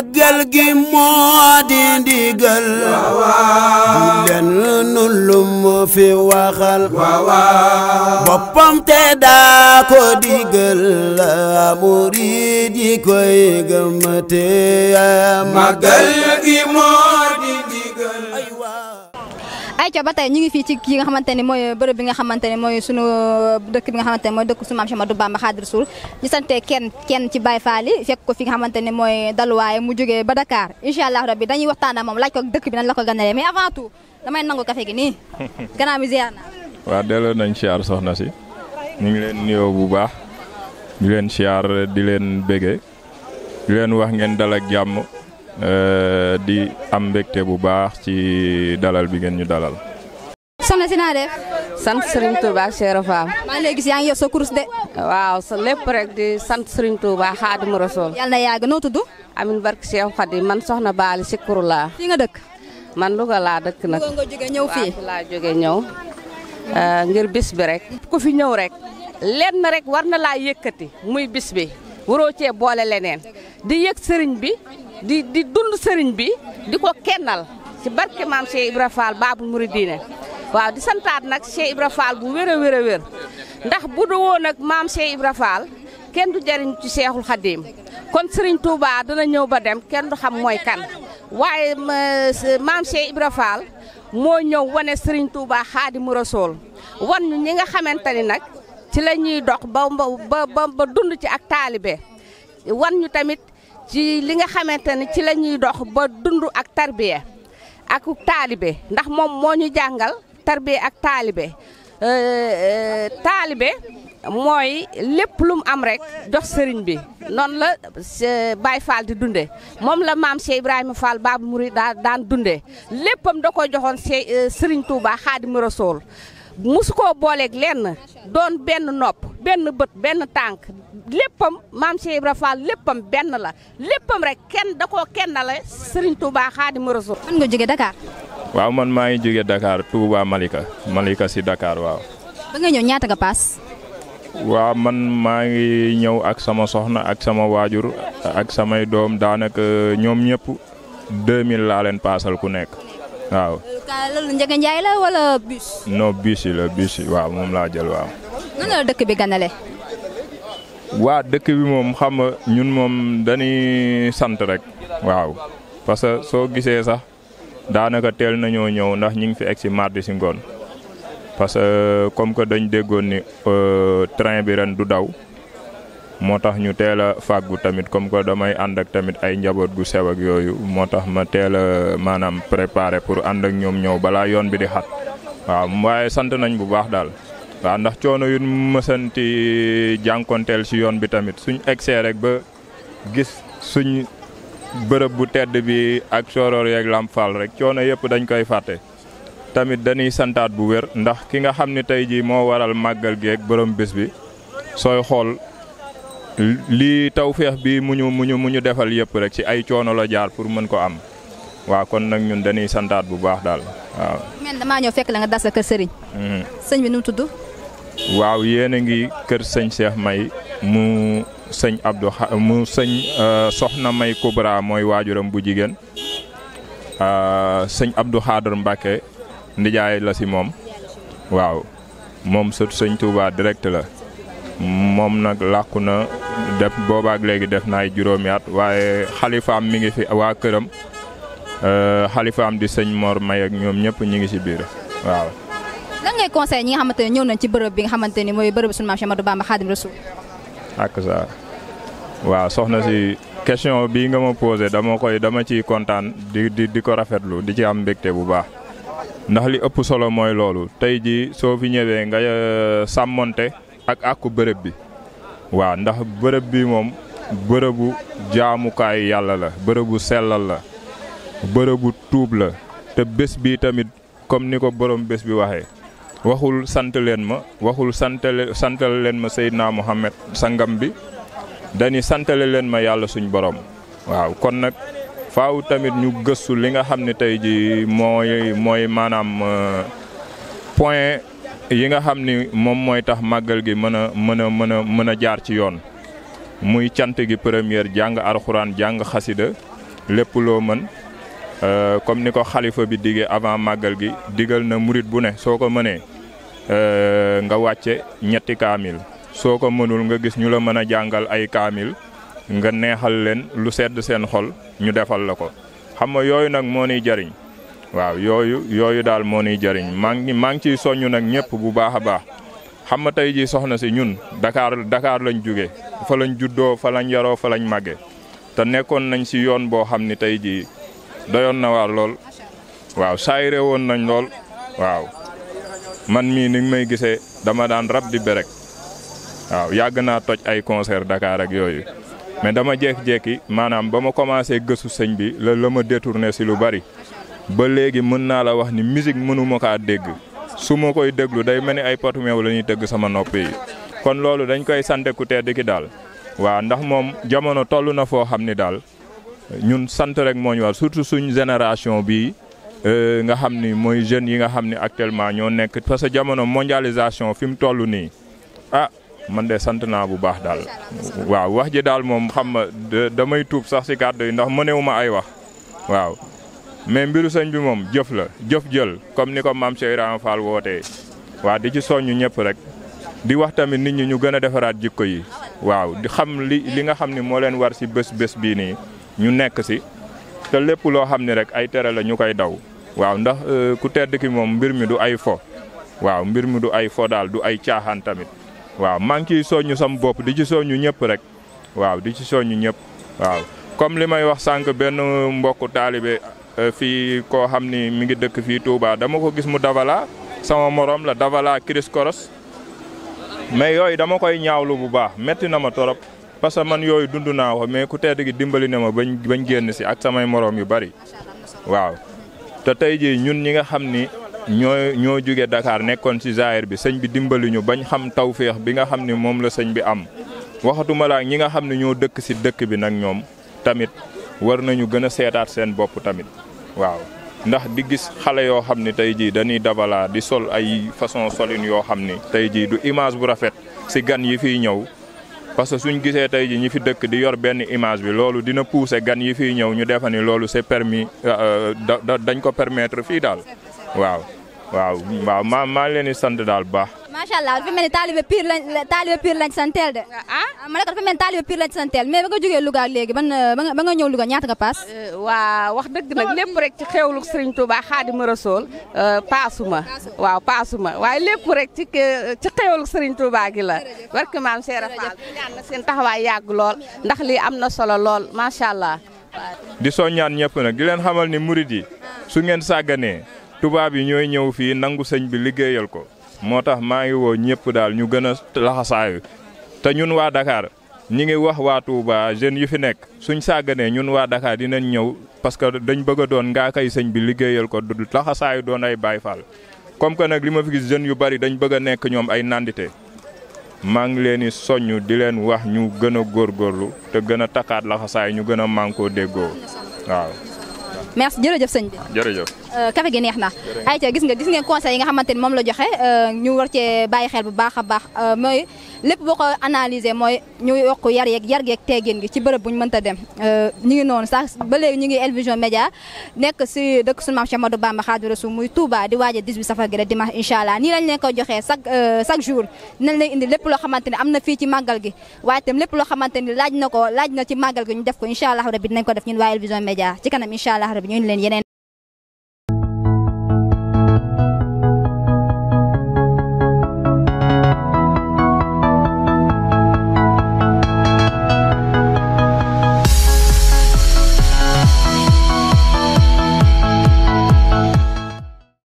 màggal gi moo di ndigal lenn nu mu fi ko digal murid yi koy gëm te gi moo ay ca batay ñu ngi fi ci ki nga xamante moy mooy bi nga xamante moy suñu sunu euh, dëkk bi nga xamante moy dëkk suñu am chama Chamadou Bamba Xaadir sul ñu santé kenn kenn ci Baye fali fekk ko fi nga xamante moy mooy daluwaay mu joggé ba Dakar inshallah rabbi dañuy waxtaan ak moom ko dëkk bi nan la ko gënalé mais avant tout damay nangu café gi ni gëna mi ziarna wa délo nañ ciar soxna ci ñu ngi leen bu baax di leen ciar di leen di leen wax ngeen dal ak jamm Euh, di am mbégte bu baax ci dalal bi ngeen ñu dalal. soxna si naa def. sant Serigne Touba ak Cheikh Rafaam. maa ngi lay yaa ngi yor sa kurus de. waaw sa lépp rek di sant Serigne Touba Xaadimu Rasuul. yàlla na yàgg noo tudd. Amin barke Cheikh Xadim man soxna Baali Sikuru laa. fii nga dëkk. man Louga laa dëkk nag. Louga nga jóge ñëw laa jóge ñëw. Euh, ngir bis bi rek. ku fi ñëw rek. lenn rek war na laa yëkkati muy bis bi. waroo cee boole leneen. di yëg sëriñ bi di di dund sëriñ bi di ko kennal ci barke maam Cheikh Ibra Fall Baabul Muridiine waaw di santaat nag Cheikh Ibra Fall bu wér a wér a wér ndax bu du woon ak maam Cheikh Ibra Fall kenn du jariñ ci Seexul Xadiim kon sëriñ Touba dana ñëw ba dem kenn du xam mooy kan waaye maam Cheikh Ibra Fall moo ñëw wane sëriñ Touba Xaadimu Rasuul wan ñu ñi nga xamante ni nag ci la ñuy dox ba ba dund ci ak taalibe wan ñu tamit ci li nga xamante ni ci la ñuy dox ba dund ak tarbiya ak taalibe ndax moom moo ñu jàngal tarbiya ak taalibe euh, euh, taalibe mooy lépp lu mu am rek dox sëriñ bi noonu la euh, Baye Fall di dunde moom la maam Cheikh Ibrahima Fall Babu Mouride daan daan dunde léppam da ko joxoon Cheikh Sëriñ Touba Xaadimu Rasuul musu koo booleeg lenn doon benn nopp benn bët benn tànk léppam maam Cheikh Ibra Fall léppam benn la léppam rek kenn da koo kenn la Serigne Touba Xaadimu Rasuul. man nga jóge Dakar. waaw man maa ngi jóge Dakar Touba Malika Malika si dakaar waaw. ba nga ñëw ñaata nga paas. waaw man maa ngi ñëw ak sama soxna ak sama waajur ak samay doom daanaka ñoom ñëpp 2000 laa leen paasal ku nekk. waaw. loolu Ndiaga Ndiaye yi la bus yi waaw moom laa jël waaw. nan la dëkk bi ganale. waa dëkk bi moom xam nga ñun moom dañuy sant rek. waaw parce que soo gisee sax daanaka teel nañoo ñëw ndax ñu ngi fi egg si mardi si ngoon parce que comme que dañ déggoon ni euh, train bi ren du daw. motax ñu téla fagu tamit comme ko damay and ak tamit ay njabot gu sew ak yoyu motax ma téla manam préparer pour and ak ñom ñow bala yoon bi di xat waaw waaye sant nañ bu baax dal wa ndax choono yu mësanti jankontel ci yoon bi tamit suñ excès rek ba gis suñ bërepp bu tedd bi ak soroor yeeg fal rek coono yépp dañ koy fàtte tamit dañuy santaat bu wér ndax ki nga xam ne tey jii moo waral màggal geeg borom bés bi sooy xool li tawfiix bi mu ñu mu ñu mu ñu defal yépp rek ci ay coono la jaar pour mën ko am waaw kon nag ñun dañuy santaat bu baax daal waaw. man damaa ñëw fekk la nga das sa kër sëriñ. Mm-hmm. sëñ bi nu mu tudd. waaw yéen a ngi kër sëñ Cheikh May mu sëñ Abdou mu sëñ euh, Soxna May Kubra mooy waajuram bu jigéen euh, sëñ Abdou Xaadar Mbacke ndijaay la si moom waaw moom sët sëñ Touba direct la moom nag làkku na. def boobaak léegi def na ay juróomi at waaye xalifaam mi ngi fi waa këram euh, xalifaam di sëñ Mor May ak ñoom ñëpp ñu ngi si biir waaw. lan ngay conseil ñi nga xamante ñëw nañ ci bërëb bi nga xamante ni mooy bërëb suñu maam Cheikh Ahmadou Bamba Xaadim Rasul. ak sa waaw soxna si question bii nga ma posé dama koy dama ciy kontaan di di di ko rafetlu di ci am mbégte bu baax. ndax li ëpp solo mooy loolu tey jii soo fi ñëwee nga euh, sàmmonte ak àqu bërëb bi. waaw ndax bërëb bi moom bërëbu jaamukaayu yàlla la bërëbu sellal la bërëbu tuub la te bés bi tamit comme ni ko borom bés bi waxee waxul sant leen ma waxul santale santale leen ma Seydina Muhammad sangam bi dañuy santale leen ma yàlla suñ boroom waaw kon nag faaw tamit ñu gëstu li nga xam ne tey ji mooy mooy maanaam euh, point yi nga xam ni moom mooy tax màggal gi mën a mën a mën a mën a jaar ci yoon muy cant gi première jàng arxuraan jàng xasida lépp loo mën euh, comme ni ko xalifa bi digee avant màggal gi digal na murit bu ne soo ko mënee euh, nga wàcce ñetti kaamil soo ko mënul nga gis ñu la mën a jàngal ay kaamil nga neexal leen lu sedd seen xol ñu defal la ko xam nga yooyu nag moo niy jariñ waaw yooyu yooyu daal moo ni jariñ maa ngi maa ngi ciy soññ nag ñëpp bu baax a baax xam nga tey jii soxna si ñun Dakar dakaar lañ jóge fa lañ juddoo fa lañ yaroo fa lañ màggee te nekkoon nañ si yoon boo xam ni tey jii doyoon na waar lool waaw saayire woon nañ lool waaw man mii ni may gisee dama daan rab di berek waaw yàgg naa toj ay concert Dakar yooyu mais dama jékki-jékki maanaam ba ma commencé gëstu sëñ bi la la ma détourné si lu bari ba léegi mën naa la wax ni musique mënuma kaa dégg su ma koy déglu day mel ni ay potu meew la ñuy tëgg sama nopp yi kon loolu dañ koy sante ku tedd ki daal waaw ndax moom jamono toll na foo xam ni daal ñun sant rek moo ñu war surtout suñ génération bii euh, nga xam ni mooy jeunes yi nga xam ni actuellement ñoo nekk parce que jamono mondialisation fi mu toll nii ah man de sant naa bu baax daal. waaw wax ji daal moom xam nga damay tuub sax si kàddu yi ndax mënewuma ay wax waaw. mais mbiru señ bi mom jëf la jëf jël comme niko mam Cheikh Fall wote waa di ci soñu ñepp rek di wax tamit nit ñi ñu gëna défarat jikko yi waaw di xam li li nga xamni mo leen war si bés bés bi ni ñu nekk ci te lepp lo xamni rek ay téré la ñukay daw waaw ndax euh, ku tedd ki mom mbir mi du ay fo waaw mbir mi du ay fo dal du ay tiaxan tamit waaw manki ngi ciy soññu sam bop di ci soñu ñepp rek waaw di ci soñu ñepp waaw comme limay wax sank ben mbokk talibé Eh, fii ko hamni mi ngi dëkk fii Touba dama ko gis mu davala sama morom la davala Chris Koros mais yooyu dama koy ñaawlu bu baax metti na ma torop parce que man yooyu dund naa ko mais ku tedd gi dimbali na ma bañ bañ si ak samay morom yu bari waaw te tey jii ñun ñi nga xam ni ñoo ñoo Dakar nekkoon si Zaire bi sëñ bi dimbali ñu bañ xam tawféex bi nga xam ni la bi am waxatuma laa ñi nga xam ñoo dëkk si dëkk bi nag tamit war nañu gën a seetaat seen bopp tamit waaw ndax di gis xale yoo xam ni tey jii dañuy dabalaa di sol ay façon solin yoo xam ni tey jii du image bu rafet si gan yi fiy ñëw parce que suñ gisee tey jii ñi fi dëkk di yor benn image bi loolu dina pousser gan yi fiy ñëw ñu defa ni loolu c'est permis euh, euh, dañ ko permettre fii daal waaw waaw maa maa leen sant daal baax Masyaallah, allah fi mel ni taalibe lañ taalibe pire lañ santel de. ah ma ne ko dafa mel ni lañ santel mais ba nga Louga ban eh, ba nga ñëw Louga ñaata nga paas. Eh, waaw wax dëgg nag lépp rek ci xéwlu Serigne Touba Xaadimu Rasuul eh, paasuma waaw paasuma waaye lépp rek ci ci xéwlu Serigne Touba gi la. barke Cheikh ñaan na seen lool ndax solo lool Masyaallah. di soññaan ñëpp nag di leen xamal ni murid yi su ngeen sàgganee tubaab yi ñooy ñëw nangu bi liggéeyal ko moo tax maa ngi woo ñëpp daal ñu gën a laxasaayu te ñun waa dakaar ñi ngi wax waatu baa jeunes yu fi nekk suñ sàgganee ñun waa dakaar dinañ ñëw parce que dañ bëgg doon ngaakay kay sëñ bi liggéeyal ko du laxasaayu doon ay Baay fal comme que nag li ma fi gis jeunes yu bari dañ bëgg nekk ñoom ay nandite maa ngi leen di soññ di leen wax ñu gën a góorlu te gën a takkaat laxasaay ñu gën a mànkoo déggoo waaw merci jërëjëf sëñ bi. jërëjëf. kafe euh, gi neex na. ayca gis nga gis ngeen conseil yi nga xamante ni moom la joxe euh, ñu war cee bàyyi xel bu baax a baax euh, mooy lépp boo ko analyser mooy ñu yokk yar yeeg yar geeg teggin gi ci bërëb bu ñu mënta dem euh, ñu ngi noonu sax ba léegi ñu ngi El Vision Média nekk si dëkk suñu maam Cheikh Ahmadou Bamba Khadimou Rassoul muy Touba di waaja 18 safar gi la dimanche incha allah nii lañ leen koy euh, chaque jour nañ leen indi lépp loo xamante ne am na fi ci màggal gi waaye itam lépp loo xamante ni laaj na ko laaj na ci màggal gi ñu def ko incha allah rabi dinañ ko def ñun waa El Vision Média